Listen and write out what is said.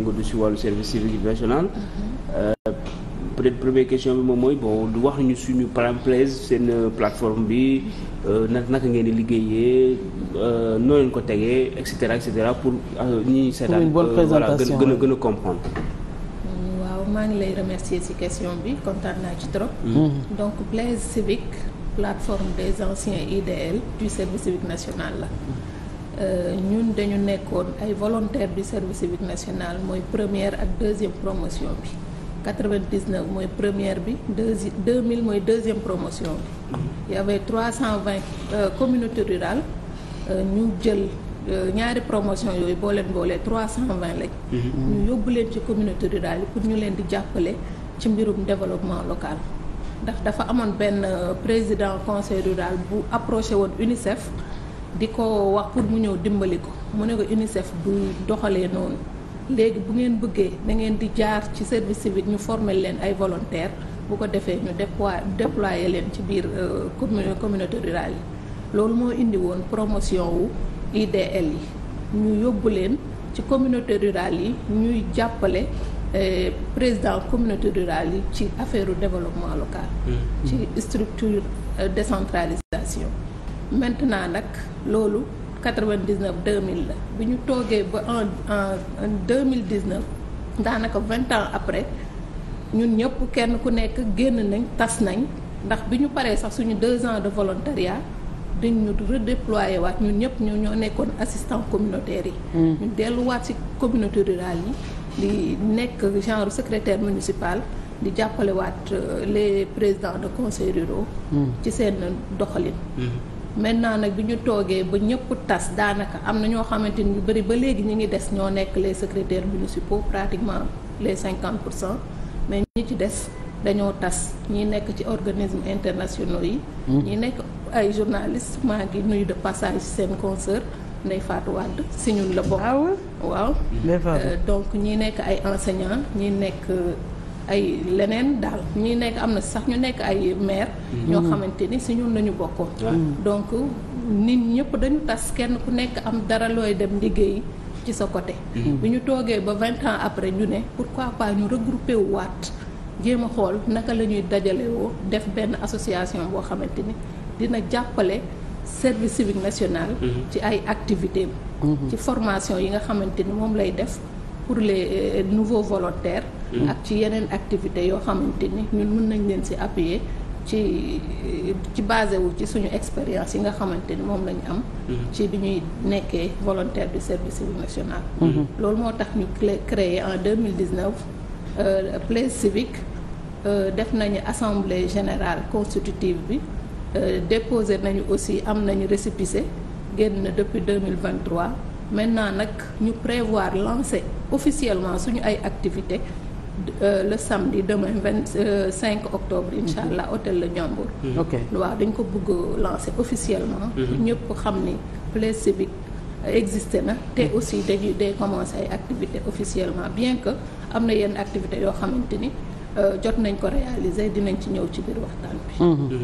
yëngatu si wàllu service civique national euh, peut-être première question bi moom mooy boo du wax ñu suñu plaise seen euh, plateforme bi euh, nag naka ngeen di liggéeyee noo leen ko tegee et cetera et pour ñi seetaan voilà gën a gën a comprendre waaw maa ngi lay remercier ci question bi kontaan naa ci trop mm. mm-hmm. donc plaise civique plateforme des anciens IDL du service civique national la Euh, ñun dañu nekkoon ay volontaire du service civique nationale mooy première ak deuxième promotion bi 99 mooy première bi deuxi 2000 mooy deuxième promotion bi y avait 320 euh, communautés rurales euh, ñu jël ñaari promotion yooyu boo leen boolee 320 lañ mm-hmm. ñu yóbbu leen ci communauté rurale yi pour ñu leen di jàppale ci mbirum développement local ndax dafa amoon benn président conseil rural bu approché woon UNICEF di ko wax pour mu ñëw dimbali ko mu ne ko UNICEF du doxalee noonu léegi bu ngeen bëggee da ngeen di jaar ci service civique ñu former leen ay volontaires bu ko defee ñu déployer déployer leen ci biir euh, communauté rural yi loolu moo indi woon promotion wu IDL yi ñu yóbbu leen ci communauté rurale yi ñuy jàppale euh, président communauté rural yi ci affaire développement local mm. ci structure euh, décentralisation maintenant nag loolu 99 mille la bi ñu toogee ba en en 2019 daanaka 20 ans après ñun ñëpp kenn ku nekk génn nañ tas nañ ndax bi ñu paree sax suñu deux ans de volontariat dañ ñu redéployé waat ñun ñëpp ñu ñoo nekkoon assistant communautaire yi. Hmm. ñu delluwaat ci communauté rurale yi. di nekk genre secrétaire municipal di jàppalewaat euh, les président de conseils ruraux. Hmm. ci seen doxalin. Hmm. maintenant nag bi ñu toogee ba ñëpp tas daanaka am na ñoo xamante ni ñu bëri ba léegi ñu ngi des ñoo nekk les secrétaires municipaux pratiquement les cinquante pour cent mais ñi ci des dañoo tas ñi nekk ci organisme internationaux yi. Hmm. ñi nekk ay journalistes maa ngi nuyu de passage seen concert Ndeye faatu Wade si ñun la bokk. Ah waaw euh, donc ñi nekk ay enseignants ñi nekk. ay leneen daal ñi nekk am na sax ñu nekk ay maire mm-hmm. ñoo xamante ni si ñun lañu bokkoon mm-hmm. donc nit ñëpp dañu tas kenn ku nekk am dara looy dem liggéey ci sa côté mm-hmm. bi ñu toogee ba vingt ans après ñu ne pourquoi pas ñu regrouper wu waat jéem a xool naka la ñuy dajale woo def benn association boo xamante ni dina jàppale service civique national ci ay activités ci formation yi nga xamante ni moom lay def pour les euh, nouveau volontaires ak ci yeneen activité yoo xamante ni ñun mën nañ leen si appuyer ci ci basé wu ci suñu expérience yi nga xamante ni moom lañu am mm-hmm. ci bi ñuy nekkee volontaire du service civique national mm-hmm. loolu moo tax ñu créé en 2019 euh, place civique euh, def nañu assemblée générale constitutive bi euh, déposé nañu aussi am nañu récépissé génn depuis 2023 maintenant nag ñu prévoir lancer officiellement suñu ay activités Euh, le samedi demain vingt euh, cinq octobre incha allah mhm. hôtel la Ndiambour. Mhm. ok waaw dañ ko bëgg lancer officiellement. Mhm. ñëpp xam ni place civique existé na. te aussi dañuy day commencé ay activités officiellement bien que am na yenn activités yoo xamante ni euh, jot nañ ko réaliser dinañ ci ñëw ci biir waxtaan bi.